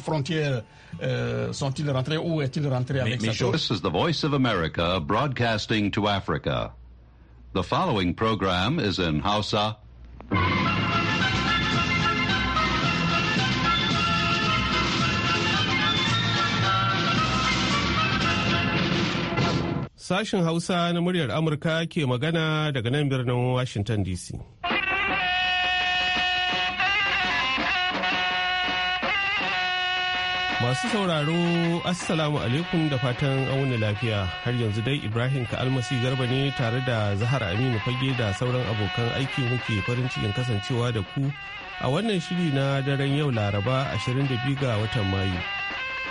frontières euh, sont-ils rentrés ou est-il rentré avec M sa This is the voice of America broadcasting to Africa. The following program is in Hausa. Sashen Hausa na muryar Amurka ke magana daga nan birnin Washington DC. Masu sauraro Assalamu alaikum da fatan auni lafiya har yanzu dai Ibrahim Ka'almasi Garba ne tare da Zahar Aminu Fage da sauran abokan aiki muke farin cikin kasancewa da ku a wannan shiri na daren yau Laraba 22 ga watan Mayu.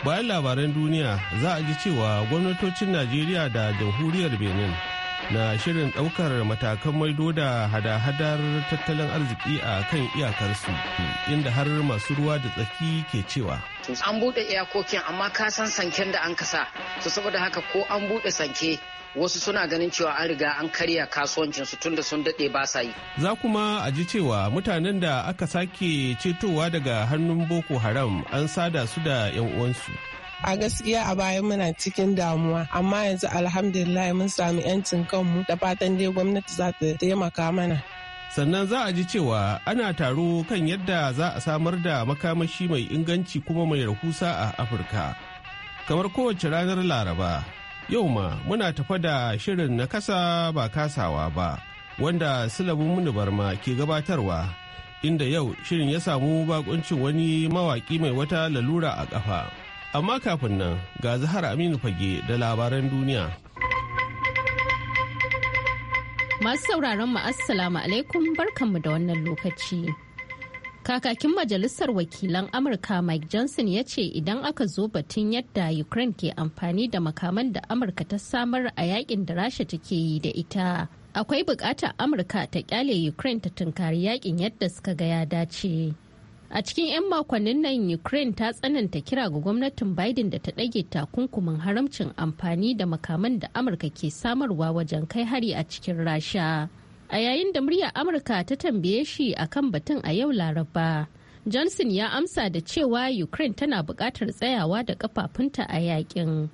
Bayan labaran duniya za a ji cewa gwamnatocin Najeriya da jamhuriyar Benin na shirin ɗaukar matakan maido da hada-hadar tattalin arziki a kan iyakarsu inda har masu ruwa da tsaki ke cewa. an buɗe iyakokin amma ka san sanken da an kasa su saboda haka ko an buɗe sanke wasu suna ganin cewa an riga an karya kasuwancin su tunda sun daɗe ba sa yi. Za kuma a ji cewa mutanen da aka sake cetowa daga hannun Boko Haram an sada su da 'yan uwansu. a gaskiya a baya muna cikin damuwa amma yanzu alhamdulillah mun sami 'yancin kanmu da fatan dai gwamnati za ta taimaka mana sannan za a ji cewa ana taro kan yadda za a samar da makamashi mai inganci kuma mai rahusa a afirka kamar kowace ranar laraba yau ma muna tafa da shirin na kasa ba kasawa ba wanda silabin muni barma ke gabatarwa inda yau shirin ya samu bakuncin wani mawaki mai wata lalura a kafa amma kafin nan ga zahar aminu fage da labaran duniya Masu sauraron mu Assalamu alaikum barkanmu da wannan lokaci. Kakakin Majalisar Wakilan Amurka Mike Johnson ya ce idan aka zo batun yadda Ukraine ke amfani da makaman da Amurka ta samar a yakin da Rasha take yi da ita. Akwai bukatar Amurka ta kyale Ukraine ta tunkari yakin yadda suka ga ya dace. A cikin 'yan makonnin nan Ukraine ta tsananta kira ga gwamnatin Biden da ta ɗage takunkumin haramcin amfani da makaman da Amurka ke samarwa wajen kai hari a cikin Rasha. A yayin da murya Amurka ta tambaye shi a kan batun a yau Laraba. Johnson ya amsa da cewa Ukraine tana buƙatar tsayawa da kafafunta a yakin.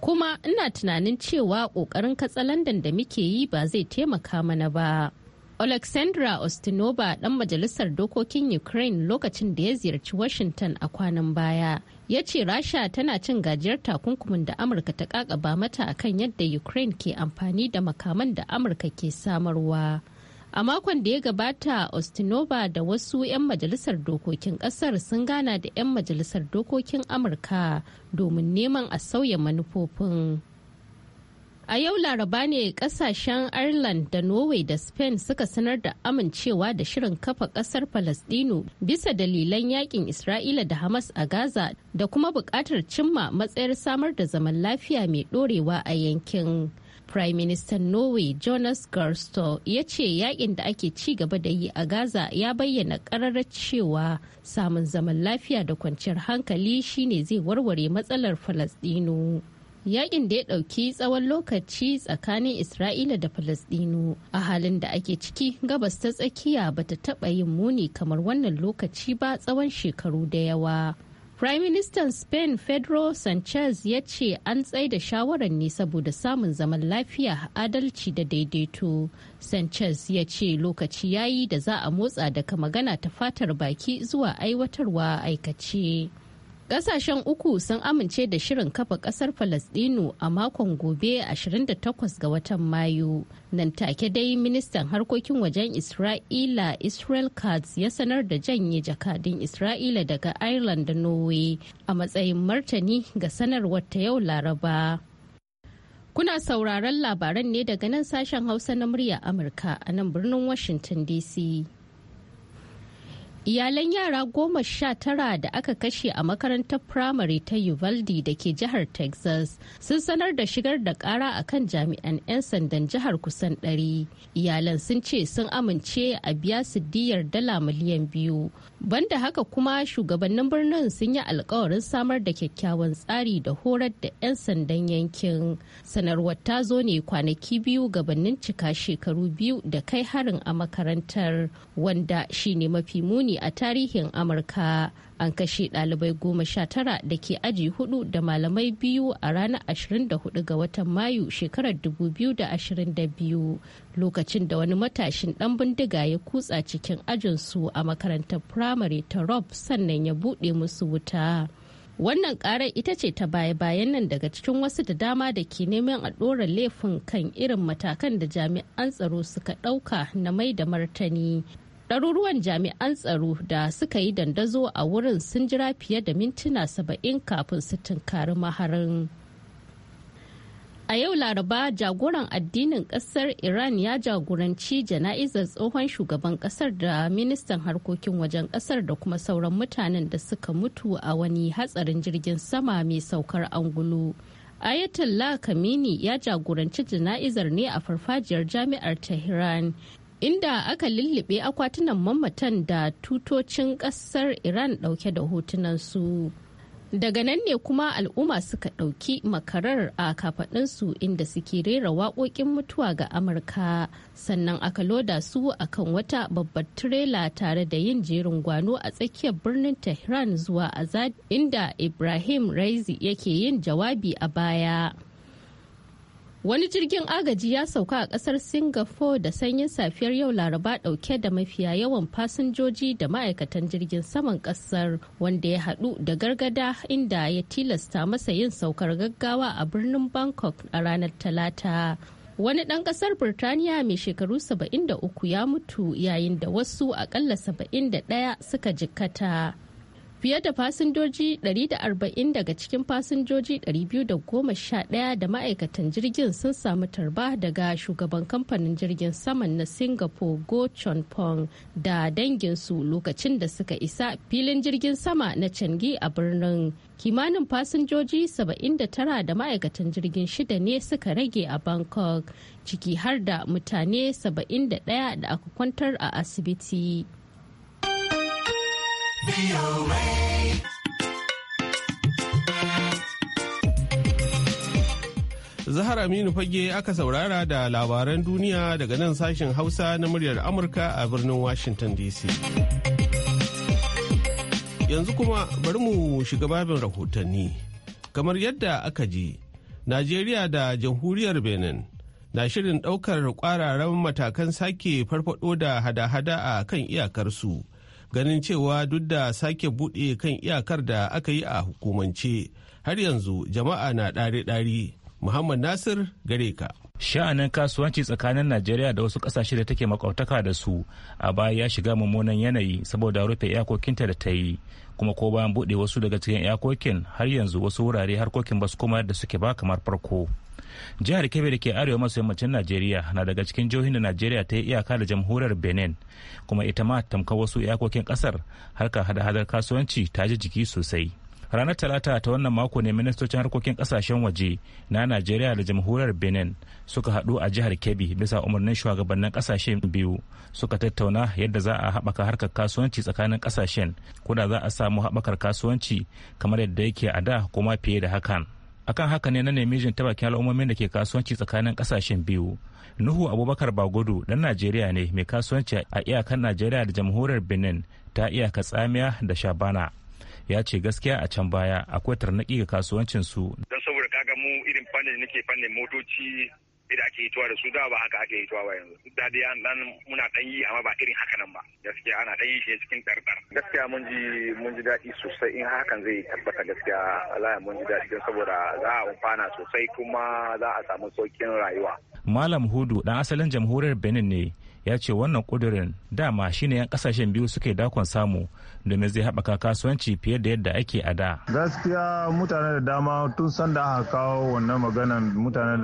Kuma ina tunanin cewa ƙoƙarin katsalandan da muke yi ba zai taimaka mana ba. Alexandra Ostinova ɗan majalisar dokokin Ukraine lokacin da ya ziyarci Washington a kwanan baya ya ce Rasha tana cin gajiyar takunkumin da Amurka ta kakaba mata akan yadda Ukraine ke amfani da makaman da Amurka ke samarwa. A makon da ya gabata, Ostinova da wasu 'yan majalisar dokokin ƙasar sun gana da 'yan majalisar dokokin Amurka domin neman a sauya manufofin. A yau laraba ne kasashen Ireland da Norway da Spain suka sanar da amincewa da shirin kafa kasar Palestino bisa dalilan yakin Isra'ila da Hamas a Gaza da kuma buƙatar cimma matsayar samar da zaman lafiya mai ɗorewa a yankin. Prime Minister Norway Jonas Garsto ya ce yakin da ake ci gaba da yi a Gaza ya bayyana ƙararar cewa samun zaman lafiya da kwanciyar hankali shine zai warware matsalar Falasdino. yakin da ya ɗauki tsawon lokaci tsakanin isra'ila da falasɗinu a halin da ake ciki gabas ta tsakiya ba ta taɓa yin muni kamar wannan lokaci ba tsawon shekaru da yawa Prime Minister Spain Pedro Sanchez ya ce an tsaida shawarar ne saboda samun zaman lafiya, adalci da daidaito. Sanchez ya ce lokaci yayi da za a motsa daga magana ta fatar baki zuwa aiwatarwa aikace. Ƙasashen uku sun amince da shirin kafa ƙasar Falasɗinu a makon gobe 28 ga watan Mayu. Nan take dai ministan harkokin wajen Isra'ila Israel Katz ya sanar da janye jakadun Isra'ila daga Ireland da Norway a matsayin martani ga sanarwar ta yau Laraba. Kuna sauraron labaran ne daga nan sashen Hausa na murya Amurka a nan birnin Washington DC. iyalan yara goma sha tara da aka kashe a makarantar firamare ta uvalde da ke jihar texas sun sanar da shigar da kara a kan jami'an 'yan sandan jihar kusan 100 iyalan sun ce sun amince a biya su diyar dala miliyan biyu banda haka kuma shugabannin birnin sun yi alkawarin samar da kyakkyawan tsari da horar da 'yan sandan yankin sanarwar ta zo ne kwanaki biyu gabanin cika shekaru biyu da kai harin a makarantar wanda shine mafi muni ne a tarihin amurka an kashe ɗalibai goma sha tara da ke aji hudu da malamai biyu a ranar 24 ga watan mayu shekarar 2022 lokacin da wani matashin ɗan bindiga ya kutsa cikin ajinsu a makarantar firamare ta rob sannan ya buɗe musu wuta wannan karar ita ce ta baya-bayan nan daga cikin wasu da dama da ke neman a ɗora laifin kan irin matakan da jami'an tsaro suka ɗauka na mai da martani ɗaruruwan jami'an tsaro da suka yi dandazo a wurin sun jira fiye da mintuna saba'in kafin su tunkari maharin a yau laraba jagoran addinin kasar iran ya jagoranci jana'izar tsohon shugaban kasar da ministan harkokin wajen kasar da kuma sauran mutanen da suka mutu a wani hatsarin jirgin sama mai saukar angulu ayatollah kamini ya jagoranci jana'izar ne a farfajiyar jami'ar tehran inda aka lullube akwatunan mamatan da tutocin kasar Iran dauke da hotunan su Daga nan ne kuma al'umma suka ɗauki makarar a kafaɗinsu inda suke rera waƙoƙin mutuwa ga Amurka sannan aka loda su akan wata babbar tirela tare da yin jerin gwano a tsakiyar birnin Tehran zuwa Azad inda Ibrahim Raizi yake yin jawabi a baya. Wani jirgin agaji ya sauka a kasar Singapore da sanyin safiyar yau Laraba dauke da mafiya yawan fasinjoji da ma'aikatan jirgin saman kasar wanda ya hadu da gargada inda ya tilasta masa yin saukar gaggawa a birnin Bangkok a ranar Talata. Wani ɗan ƙasar Birtaniya mai shekaru 73 ya mutu yayin da wasu aƙalla 71 suka jikkata. fiye da fasinjoji 140 daga cikin fasinjoji 211 da ma'aikatan jirgin sun samu tarba daga shugaban kamfanin jirgin saman na singapore go chon pong da danginsu lokacin da suka isa filin jirgin sama na cangi a birnin kimanin fasinjoji 79 da ma'aikatan jirgin shida ne suka rage a bangkok ciki har da mutane 71 da aka kwantar a asibiti Zahar Aminu Fage aka saurara da labaran duniya daga nan sashen Hausa na muryar Amurka a birnin Washington DC. Yanzu kuma bari mu shiga babin rahotanni. Kamar yadda aka ji, Najeriya da Jamhuriyar Benin na shirin ɗaukar ƙwararren matakan sake farfaɗo da hada-hada a kan iyakarsu ganin cewa duk da sake buɗe kan iyakar da aka yi a hukumance har yanzu jama'a na ɗare ɗari muhammad nasir gare ka sha'anin kasuwanci tsakanin najeriya da wasu kasashe da take makwabtaka da su a baya ya shiga mummunan yanayi saboda rufe iyakokinta da ta yi kuma ko bayan buɗe wasu daga cikin iyakokin har yanzu wasu wurare harkokin basu kuma da suke ba kamar farko jihar kebbi da ke arewa maso yammacin najeriya na daga cikin jihohin da najeriya ta yi iyaka da jamhuriyar benin kuma ita ma tamka wasu iyakokin kasar harkar hada-hadar kasuwanci ta ji jiki sosai ranar talata ta wannan mako ne ministocin harkokin kasashen waje na najeriya da jamhuriyar benin suka hadu a jihar kebbi bisa umarnin shugabannin kasashen biyu suka tattauna yadda za a haɓaka harkar kasuwanci tsakanin kasashen kuda za a samu haɓakar kasuwanci kamar yadda yake a da kuma fiye da hakan akan haka ne na nemi jin bakin al'ummomin da ke kasuwanci tsakanin kasashen biyu nuhu abubakar bagudu dan najeriya ne mai kasuwanci a iyakan najeriya da jamhuriyar benin ta iyaka tsamiya da shabana ya ce gaskiya a can baya akwai tarnaki ga kasuwancin su don saboda kaga mu irin fannin nake fannin motoci da ake hituwa da su da ba haka ake hituwa ba yanzu da dai an dan muna dan yi amma ba irin haka nan ba gaskiya ana dan yi shi cikin dardar gaskiya mun ji mun ji daɗi sosai in hakan zai tabbata gaskiya ya mun ji daɗi saboda za a umfana sosai kuma za a samu saukin rayuwa malam hudu dan asalin jamhuriyar benin ne ya ce wannan kudurin dama shine yan kasashen biyu suke dakon samu domin zai haɓaka kasuwanci fiye da yadda ake a da. Gaskiya mutane da dama tun sanda aka kawo wannan maganan mutane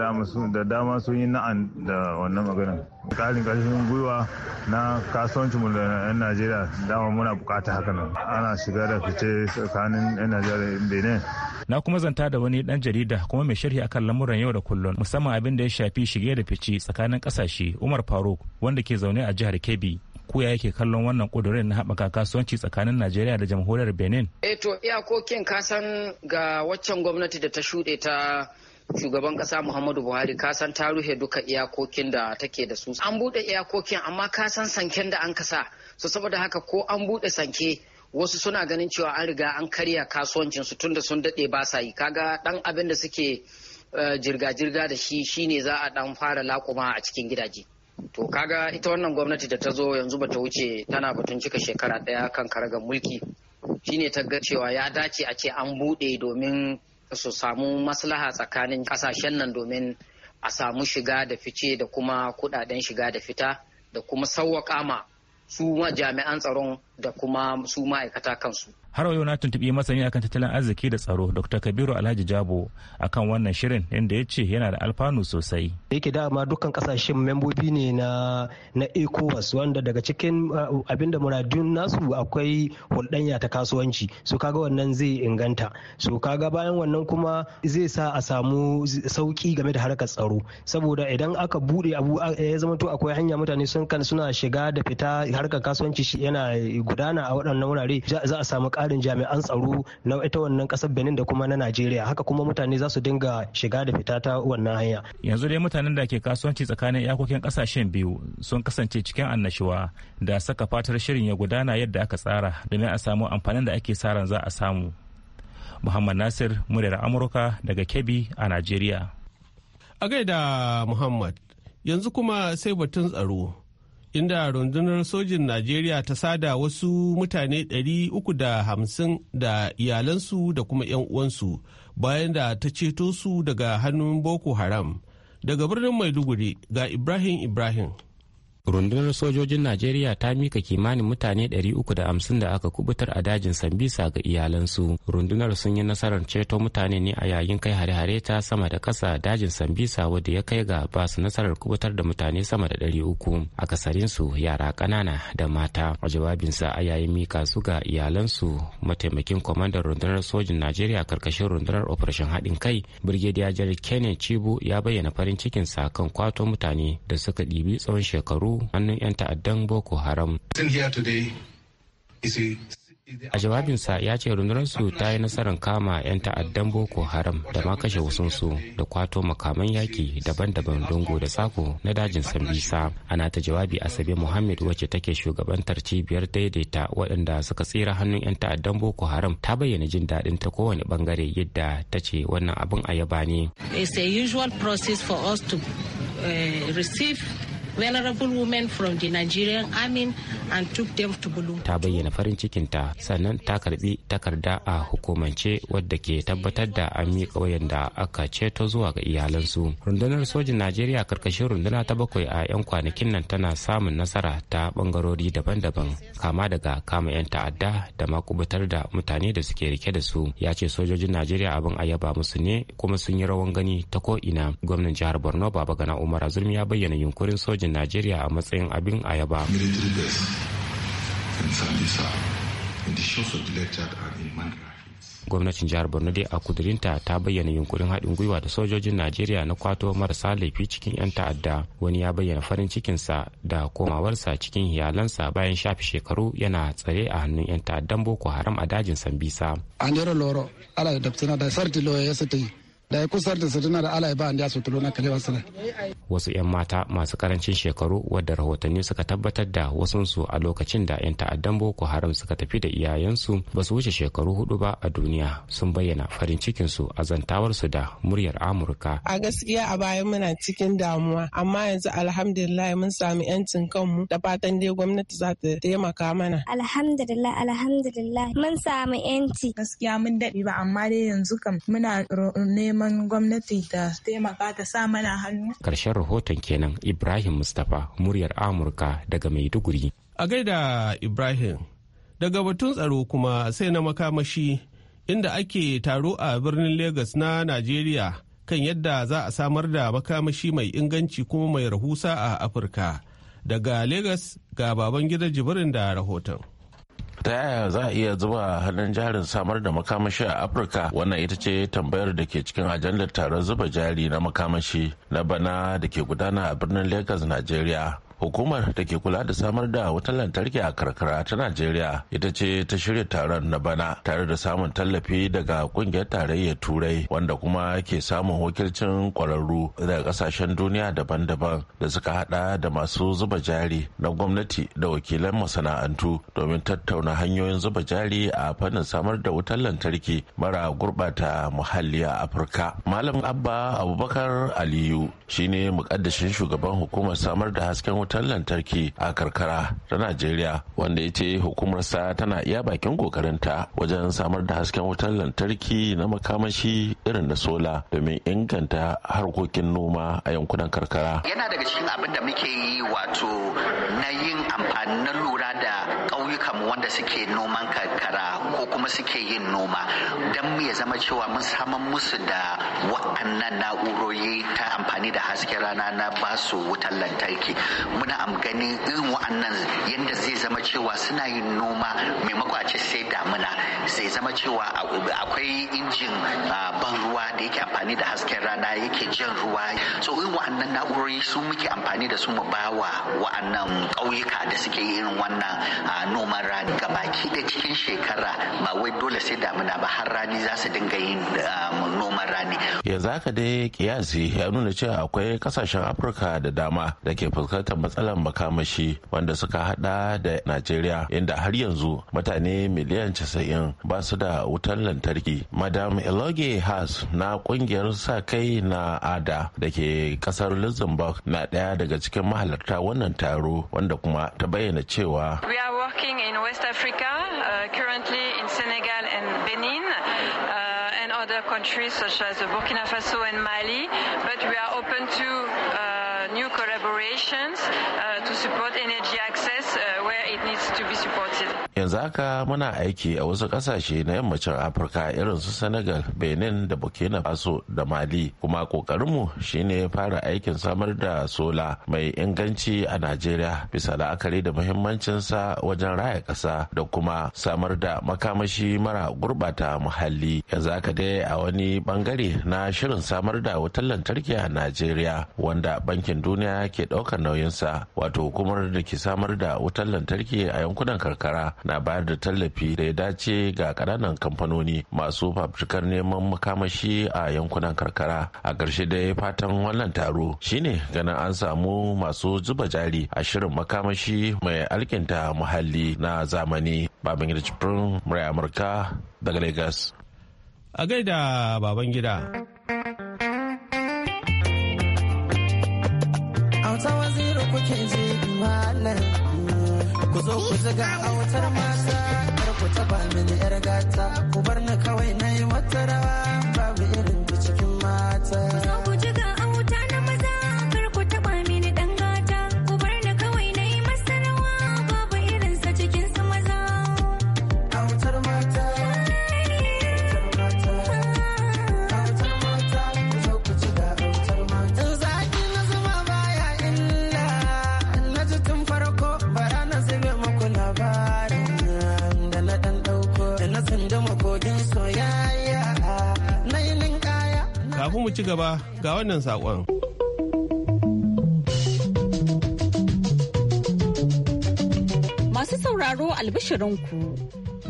da dama sun yi na'an da wannan maganan. Ƙarin ƙarfin gwiwa na kasuwanci mu da 'yan Najeriya dama muna bukata haka nan. Ana shiga da fice tsakanin 'yan Najeriya da Benin. Na kuma zanta da wani ɗan jarida kuma mai sharhi akan lamuran yau da kullum musamman abin da ya shafi shige da fice tsakanin kasashe Umar Faruk wanda ke zaune a jihar Kebbi. koya yake kallon wannan kudurin na haɓaka kasuwanci tsakanin najeriya da jamhuriyar benin eh to iyakokin kasan ga waccan gwamnati da ta shuɗe ta shugaban kasa muhammadu buhari kasan ta ruhe duka iyakokin da take da su an buɗe iyakokin amma kasan sanken da an kasa so saboda haka ko an buɗe sanke wasu suna ganin cewa an riga an karya kasuwancin su tunda sun daɗe ba sa yi kaga ɗan abin da suke eh, jirga-jirga da shi shine za a ɗan fara lakuma a cikin gidaje. to kaga ita wannan gwamnati da ta zo yanzu bata wuce tana batun cika shekara ɗaya kan karagar mulki shine ta ga cewa ya dace a ce an buɗe domin su samu maslaha tsakanin ƙasashen nan domin a samu shiga da fice da kuma kuɗaɗen shiga da fita da kuma sauwaka ma su jami'an tsaron da kuma su ma'aikata kansu. Har yau na tuntuɓi masani akan tattalin arziki da tsaro Dr. Kabiru Alhaji Jabo akan wannan shirin inda ya ce yana da alfanu sosai. Yake dama dukkan kasashen membobi ne na na ECOWAS wanda daga cikin uh, abinda muradun nasu akwai hulɗanya ta kasuwanci. So kaga wannan zai inganta. So kaga bayan wannan kuma zai sa a samu sauki game da harkar tsaro. Saboda idan aka bude abu ya zama to akwai hanya mutane sun kan suna shiga da fita harkar kasuwanci yana gudana a waɗannan wurare za a samu ƙarin jami'an tsaro na ita wannan ƙasar benin da kuma na najeriya haka kuma mutane za su dinga shiga da fita ta wannan hanya yanzu dai mutanen da ke kasuwanci tsakanin iyakokin ƙasashen biyu sun kasance cikin annashuwa da saka fatar shirin ya gudana yadda aka tsara domin a samu amfanin da ake sa za a samu muhammad nasir muryar amurka daga kebbi a najeriya a gaida muhammad yanzu kuma sai batun tsaro inda rundunar sojin Najeriya ta sada wasu mutane 350 da iyalansu da kuma 'yan uwansu bayan da ta ceto su daga hannun Boko Haram. Daga birnin Maiduguri ga Ibrahim Ibrahim. rundunar sojojin najeriya ta mika kimanin mutane 350 da aka kubutar a dajin sambisa ga iyalansu rundunar sun yi nasarar ceto mutane ne a yayin kai hare-hare ta sama da kasa dajin sambisa wadda ya kai ga ba su nasarar kubutar da mutane sama da 300 kasarinsu yara kanana da mata a jawabinsa a yayin mika su ga iyalansu mataimakin kwamandan rundunar sojin najeriya karkashin rundunar operation haɗin kai birgediya janar kenneth chibu ya bayyana farin cikinsa kan kwato mutane da suka ɗibi tsawon shekaru hannun 'yan ta'addan boko haram a jawabinsa ya ce rundunarsu ta yi nasarar kama 'yan ta'addan boko haram da ma kashe wasunsu da kwato makaman yaki daban-daban dongo da sako na dajin sambisa ana ta jawabi asabe muhammad wacce take shugabantar cibiyar daidaita waɗanda suka tsira hannun 'yan ta'addan boko haram ta bayyana jin daɗin ta kowane bangare yadda ta ce wannan abin a yaba ne. It's a usual process for us to uh, venerable women from the Nigerian army and took them to Bulum. Ta bayyana farin cikinta sannan ta karbi takarda a hukumance wadda ke tabbatar da an miƙa wayanda aka ceto zuwa ga iyalansu. Rundunar sojin Najeriya karkashin runduna ta bakwai a 'yan kwanakin nan tana samun nasara ta bangarori daban-daban kama daga kama 'yan ta'adda da makubutar da mutane da suke rike da su. Ya ce sojojin Najeriya abin a yaba musu ne kuma sun yi rawan gani ta ko ina Gwamnan jihar Borno Baba Gana Umar Zulmi ya bayyana yunkurin sojin sojin najeriya a matsayin abin a yaba. gwamnatin jihar borno dai a kudurinta ta bayyana yunkurin haɗin gwiwa da sojojin najeriya na kwato marasa laifi cikin 'yan ta'adda wani ya bayyana farin cikinsa da komawarsa cikin iyalansa bayan shafi shekaru yana tsare a hannun 'yan ta'addan boko haram a dajin sambisa an ala da da ya yi. sarti da ya kusa da sadana da ala ba da su na kalewa sana wasu yan mata masu karancin shekaru wadda rahotanni suka tabbatar da wasunsu a lokacin da yan ta'addan boko haram suka tafi da iyayensu ba su wuce shekaru hudu ba a duniya sun bayyana farin cikin su a zantawar da muryar amurka a gaskiya a bayan muna cikin damuwa amma yanzu alhamdulillah mun samu yancin kanmu da fatan dai gwamnati za ta taimaka mana alhamdulillah alhamdulillah mun samu yanci gaskiya mun daɗe ba amma dai yanzu kam muna neman neman gwamnati ta taimaka ta sa mana hannu. Karshen rahoton kenan Ibrahim Mustapha muryar Amurka daga Maiduguri. A gaida Ibrahim, daga batun tsaro kuma sai na makamashi inda ake taro a birnin Legas na Najeriya kan yadda za a samar da makamashi mai inganci kuma mai rahusa a Afirka. Daga Legas ga baban gidan jibirin da rahoton. ta yaya za a iya zuba hannun jarin samar da makamashi a afirka wannan ita ce tambayar da ke cikin ajandar taron zuba jari na makamashi na bana da ke gudana a birnin lagos nigeria hukumar da ke kula da samar da wutar lantarki a karkara ta najeriya ita ce ta shirya taron na bana tare da samun tallafi daga kungiyar tarayyar turai wanda kuma ke samun wakilcin kwararru daga kasashen duniya daban-daban da suka hada da masu zuba jari na gwamnati da wakilan masana'antu domin tattauna hanyoyin zuba jari a fannin samar da wutar lantarki mara gurbata muhalli a afirka malam abba abubakar aliyu shine mukaddashin shugaban hukumar samar da hasken wutar wutar lantarki a karkara ta najeriya wanda ya ce hukumarsa tana iya bakin kokarinta wajen samar da hasken wutar lantarki na makamashi irin na sola domin inganta harkokin noma a yankunan karkara yana daga cikin abin da muke yi wato na yin amfani na lura da wanda suke noman karkara ko kuma suke yin noma don mu ya zama cewa mun saman musu da wa'annan na'urori ta amfani da hasken rana na basu wutar lantarki muna ganin irin wa'annan yadda zai zama cewa suna yin noma maimakon a ce sai damuna sai zama cewa akwai injin ban ruwa da yake amfani da hasken rana yake jan ruwa so irin wa'annan na'urori su muke amfani da su mu bawa wa'annan ƙauyuka da suke yin wannan noman rana rani gabaki da cikin shekara ba wai dole sai damina ba har rani za su dinga yin ah, noman rani yanzu haka dai kiyasi ya nuna cewa akwai kasashen afirka da dama da ke fuskantar matsalar makamashi wanda suka hada da najeriya inda har yanzu mutane miliyan casa'in ba su da wutar lantarki madam eloge has na kungiyar sa kai na ada da ke kasar luxembourg na daya daga cikin mahalarta wannan taro wanda kuma ta bayyana cewa West Africa, uh, currently in Senegal and Benin, uh, and other countries such as Burkina Faso and Mali. yanzu haka muna aiki a wasu kasashe na yammacin afirka irin su senegal benin da burkina faso da mali kuma kokarinmu shine fara aikin samar da sola mai inganci a najeriya bisa la'akari da muhimmancinsa wajen raya ƙasa da kuma samar da makamashi mara gurbata muhalli yanzu haka dai a wani bangare na shirin samar da wutar lantarki a najeriya wanda bankin duniya ke ɗaukar nauyinsa wato hukumar da ke samar da wutar lantarki a yankunan karkara na bayar da tallafi da ya dace ga ƙananan kamfanoni masu fafutukar neman makamashi a yankunan karkara a ƙarshe dai fatan wannan taro shine ganin an samu masu zuba jari a shirin makamashi mai alkinta muhalli na zamani babangida cifirin murai amurka daga lagos a gaida babangida auta waziri kuke je ku zo ku a autar mata kar ku taba mini yar gata ku bar ni kawai ci gaba ga wannan saƙon. Masu sauraro albishirinku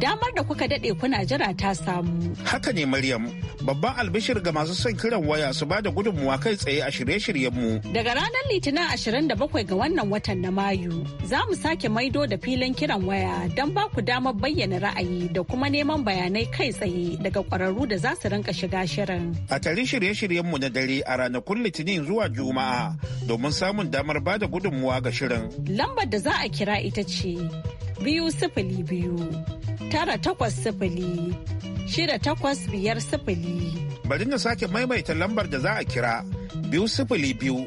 damar da kuka daɗe kuna jira ta samu. Haka ne Maryam babban albishir ga masu son kiran waya su ba da gudunmuwa kai tsaye a shirye-shiryenmu. Daga ranar Litinin 27 ga wannan watan na Mayu, za mu sake maido da filin kiran waya don ba ku damar bayyana ra'ayi da kuma neman bayanai kai tsaye daga ƙwararru da za su rinka shiga shirin. A tare shirye-shiryenmu na dare a ranakun Litinin zuwa Juma'a domin samun damar ba da gudunmuwa ga shirin. Lambar da za a kira ita ce biyu sifili biyu tara takwas sifili shida takwas biyar sifili. Bari na sake maimaita lambar da za a kira biyu sifili biyu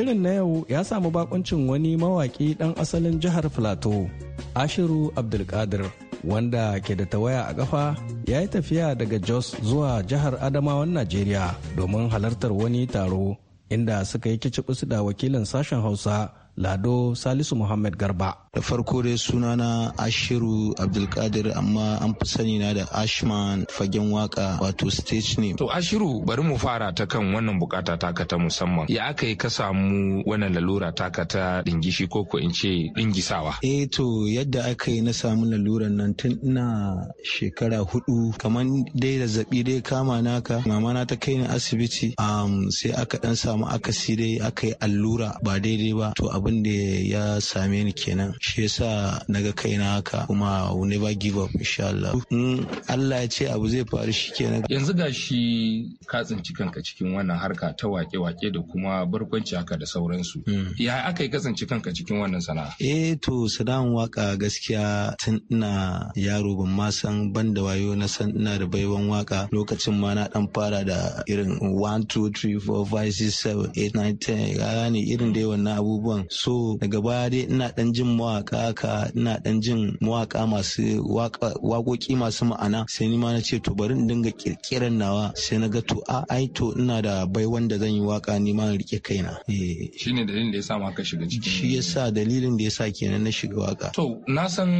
Shirin na yau ya samu bakuncin wani mawaƙi ɗan asalin jihar Filato, Ashiru Abdulkadir, wanda ke da tawaya a ƙafa ya yi tafiya daga Jos zuwa jihar Adamawan Najeriya domin halartar wani taro inda suka yi kicibis da wakilin sashen Hausa Lado Salisu Muhammad Garba. Da farko dai sunana Ashiru Abdulkadir amma an fi sani na da Ashman fagen waka wato stage name. To Ashiru bari mu fara ta kan wannan bukata taka ta musamman. Ya aka yi ka samu wannan lalura taka ta dingishi ko ko in ce dingisawa. Eh to yadda aka yi na samu laluran nan tun ina shekara hudu kamar dai zabi dai kama naka mama na ta kai ni asibiti sai aka dan samu akasi dai aka yi allura ba daidai ba to abu abin da ya same ni kenan shi yasa naga kaina haka kuma we never give up insha Allah in Allah ya ce abu zai faru shi kenan yanzu ga shi ka tsinci kanka cikin wannan harka ta wake-wake da kuma barkwanci haka da sauransu hmm. ya aka yi kasance kanka cikin wannan sana'a eh to sana'an waka gaskiya tun ina yaro ban ma san ban da wayo na san ina da baiwan waka lokacin ma na dan fara da irin 1 2 3 4 5 6 7 8 9 10 ga ni irin dai wannan abubuwan so daga baya dai ina dan jin mawaka ka ina dan jin mawaka masu waƙoƙi masu ma'ana sai ni ma na ce to bari in dinga kirkiran nawa sai na ga to a ai to ina da bai wanda zan yi waka ni ma rike kaina eh shine dalilin da yasa ma ka shiga cikin shi yasa dalilin da yasa kenan na shiga waka to na san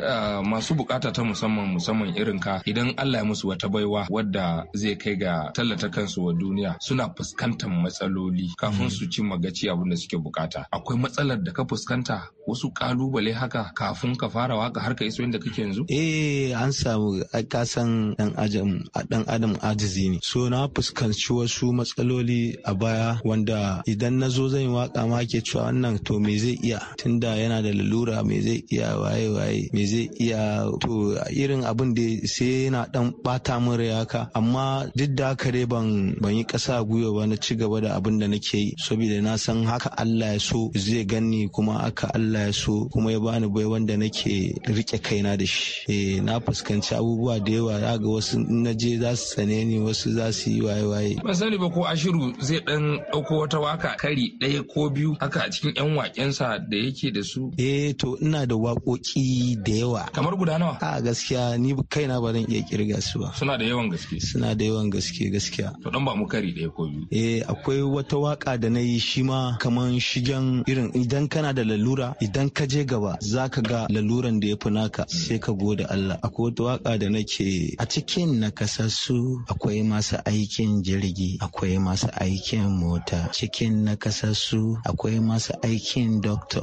eh, masu bukata ta musamman musamman irin ka idan Allah ya musu wata baiwa wadda zai kai ga tallata kansu wa duniya suna fuskantar matsaloli kafin mm. su ci magaci abin da suke bukata akwai matsalar da ka fuskanta wasu kalubale haka kafin ka fara waka har ka iso inda kake yanzu? Eh an samu kasan dan adam dan adam ajizi ne. So na fuskanci wasu matsaloli a baya wanda idan na zo zan yi waka ma ke cewa wannan to me zai iya tunda yana da lalura me zai iya waye waye me zai iya to irin abin da sai yana dan bata min rai haka amma duk da haka dai ban yi kasa gwiwa ba na ci gaba da abin da nake yi saboda na san haka Allah ya so zai ganni kuma aka Allah ya so kuma ya bani bai wanda nake rike kaina da shi eh, na fuskanci abubuwa da yawa za ga wasu na je za su sane ni wasu za su yi waye waye sani ba ko ashiru zai dan dauko wata waka kari daya ko biyu haka a cikin yan wakensa da yake da su eh to ina da wakoki da yawa kamar guda nawa a gaskiya ni kaina ba zan iya kirga su ba suna da yawan gaske suna da yawan gaske gaskiya to dan ba mu kari daya ko biyu eh akwai wata waka da na yi shi ma kaman shigen irin irin idan kana da lalura idan ka je gaba za ka ga laluran da ya fi naka sai ka gode Allah akwai wata waka da nake a cikin nakasassu akwai masu aikin jirgi akwai masu aikin mota cikin nakasassu akwai masu aikin doctor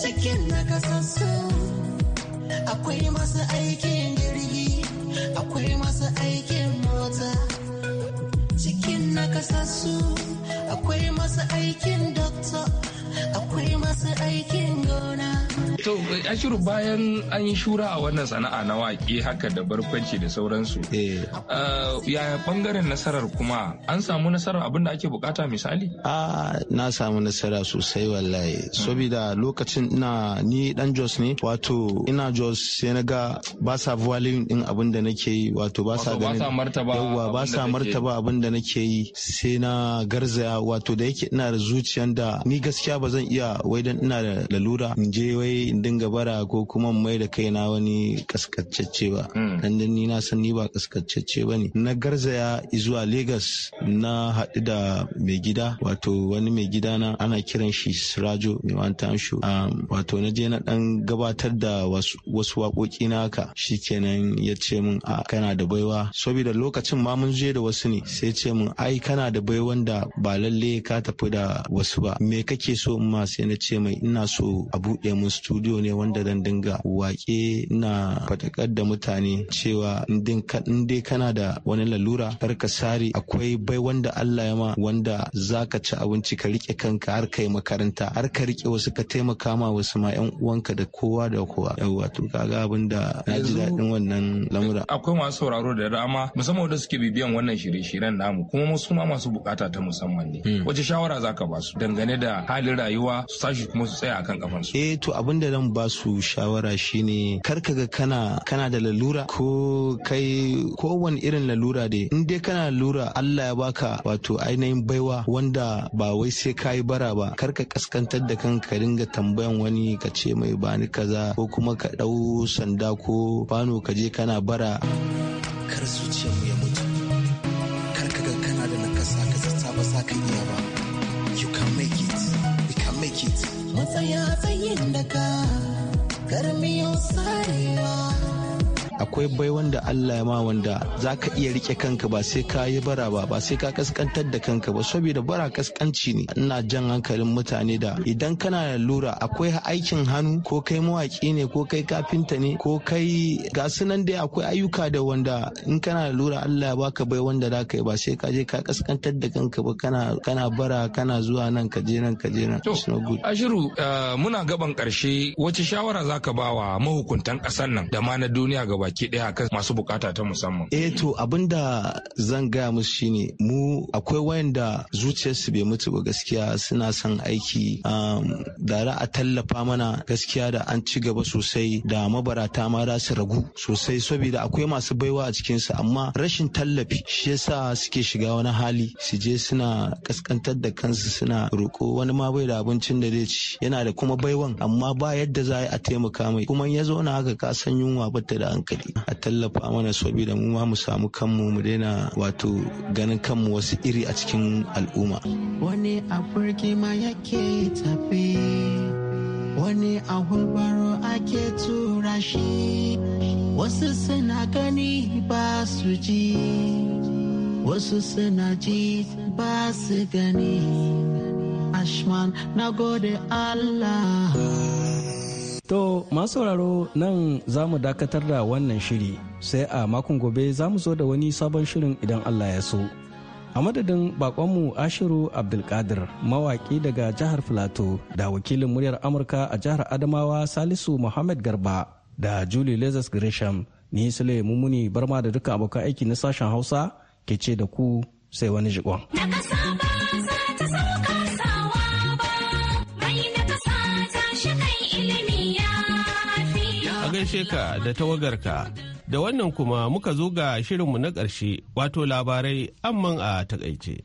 cikin nakasassu akwai masu aikin jirgi akwai masu aikin mota cikin nakasassu akwai masu aikin doctor To ashiru bayan an yi shura a wannan sana'a na waƙe haka da barkwanci da sauransu. Eh. Eh, yaya bangaren nasarar kuma an samu nasarar abin da ake bukata misali? A na samu nasara sosai wallahi. Hmm. Saboda lokacin ina ni dan Jos ne wato ina Jos sai na ga ba sa valuing din abin da nake yi wato ba sa ganin yawwa ba sa martaba abin da nake yi sai na garzaya wato da yake ina da zuciyan da ni gaskiya ba zan iya wai dan ina da lalura in je wai in dinga bara ko kuma mai da kaina wani kaskacecce ba hmm. dan ni na san ni ba kaskacecce ba ne na garzaya zuwa Legas na haɗu da mai gida wato wani mai gida na ana kiran shi Sirajo mai wantan shu um, wato na je na dan gabatar da wasu waƙoƙi na haka shikenan ya ce min a kana da baiwa saboda lokacin ma mun je da wasu ne sai ce min ai kana da baiwan da ba lalle ka tafi da wasu ba me kake so in ma sai na ce mai ina so a buɗe mun studio studio ne wanda dan dinga wake na fatakar da mutane cewa in dai kana da wani lalura har ka sare akwai bai wanda Allah ya ma wanda zaka ci abinci ka rike kanka har kai makaranta har ka rike wasu ka taimaka ma wasu ma yan uwanka da kowa da kowa yawa to kaga abin da na ji daɗin wannan lamura akwai masu sauraro da dama musamman wanda suke bibiyan wannan shirye-shiryen namu kuma su ma masu bukata ta musamman ne hmm. wace shawara ka ba su dangane da halin rayuwa su tashi kuma su tsaya akan kafansu eh to abin da zan ba su shawara shine kar ka ga kana kana da lalura ko kai kowane irin lalura dai in dai kana lura Allah ya baka wato ainihin baiwa wanda ba wai sai ka yi bara ba kar ka kaskantar da kanka ka dinga tambayan wani ka ce mai bani kaza ko kuma ka ɗau sanda ko bano ka je kana bara kar su ce mu ya mutu kar ka ga kana da nakasa ka saba sa kan iya ba you can make it I make it. Once I have a yendaka, gotta side. akwai bai wanda Allah ya ma wanda za ka iya rike kanka ba sai ka yi bara ba ba sai ka kaskantar da kanka ba saboda bara kaskanci ne ina jan hankalin mutane da idan kana da lura akwai aikin hannu ko kai mawaki ne ko kai kafinta ne ko kai ga sunan dai akwai ayyuka da wanda in kana da lura Allah ya baka bai wanda za ka yi ba sai ka je ka kaskantar da kanka ba kana kana bara kana zuwa nan ka je nan ka je nan. Ashiru eh, muna gaban karshe wace shawara za ka ba wa mahukuntan ƙasar nan da ma na duniya gaba baki daya akan masu bukata ta musamman eh to abin da zan gaya musu shine mu akwai wayanda zuciyarsu bai mutu ba gaskiya suna son aiki da a tallafa mana gaskiya da an ci gaba sosai da mabarata ma za su ragu sosai saboda akwai masu baiwa a cikinsu amma rashin tallafi shi yasa suke shiga wani hali su je suna kaskantar da kansu suna roko wani ma bai da abincin da zai ci yana da kuma baiwan amma ba yadda za a taimaka mai kuma ya zauna haka ka san yunwa bata da an hankali a tallafa mana saboda mu ma mu samu kanmu mu daina wato ganin kanmu wasu iri a cikin al'umma wani a ma yake tafi wani a hulbaro ake tura shi wasu suna gani ba su ji wasu suna ji ba su gani ashman na gode allah To masu sauraro nan za mu dakatar da wannan shiri sai a makon gobe za mu zo da wani sabon shirin idan Allah ya so. A madadin bakonmu Ashiru Abdulkadir mawaki daga jihar Filato da wakilin muryar Amurka a jihar Adamawa Salisu Muhammad Garba da Julie Lazarus Gresham ni Sule Mumuni barma da duka abokan aiki na sashen Hausa ke ce da ku sai wani jikon. gaishe ka da tawagarka. Da wannan kuma muka zo ga shirinmu na ƙarshe wato labarai amman a takaice.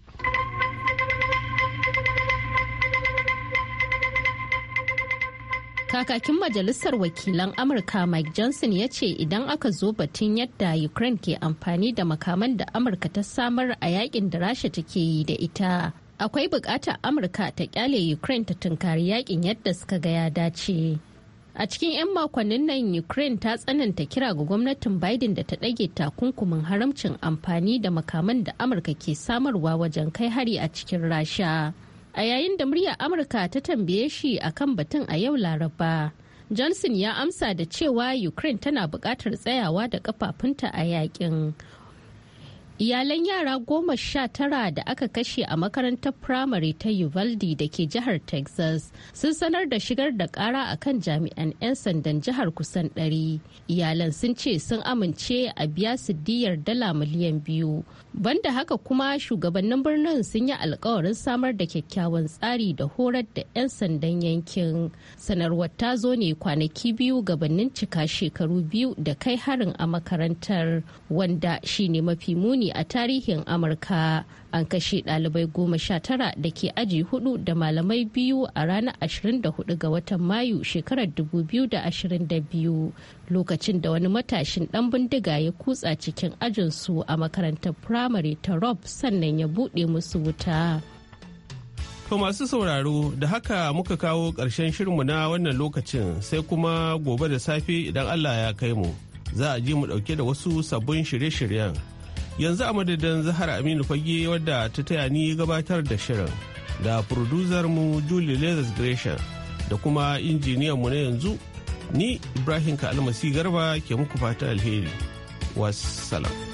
Kakakin Majalisar Wakilan Amurka Mike Johnson ya ce idan aka zo batun yadda Ukraine ke amfani da makaman da Amurka ta samar a yakin da Rasha take yi da ita. Akwai bukatar Amurka ta kyale Ukraine ta tunkari yakin yadda suka ga ya dace. A cikin 'yan makonnin nan Ukraine ta tsananta kira ga gwamnatin Biden da ta ɗage takunkumin haramcin amfani da makaman da Amurka ke samarwa wajen kai hari a cikin Rasha. A yayin da muryar Amurka ta tambaye shi akan batun a yau Laraba. Johnson ya amsa da cewa Ukraine tana buƙatar tsayawa da ƙafafunta a yakin Iyalan yara goma sha tara da aka kashe a makarantar firamare ta Uvalde da ke jihar Texas sun sanar da shigar da kara a kan jami'an 'yan sandan jihar kusan ɗari. Iyalan sun ce sun amince a biya su diyar dala miliyan biyu. Banda haka kuma shugabannin birnin sun yi alkawarin samar da kyakkyawan tsari da horar da 'yan sandan yankin. Sanarwar ta zo ne kwanaki biyu gabanin cika shekaru biyu da kai harin a makarantar wanda shine mafi muni ne a tarihin amurka an kashe ɗalibai goma sha tara da ke aji hudu da malamai biyu a ranar 24 ga watan mayu shekarar 2022 lokacin da wani matashin ɗan bindiga ya kutsa cikin ajinsu a makarantar firamare ta rob sannan ya buɗe musu wuta. To masu sauraro da haka muka kawo ƙarshen shirinmu na wannan lokacin sai kuma gobe da safe idan Allah ya kai mu za a ji mu ɗauke da wasu sabbin shirye-shiryen. yanzu a madadin zahar aminu fage wadda ta taya ni gabatar da shirin da mu julie lezers gresham da kuma injiniyan mu na yanzu ni ibrahim ka almasi garba ke muku fata alheri wassalam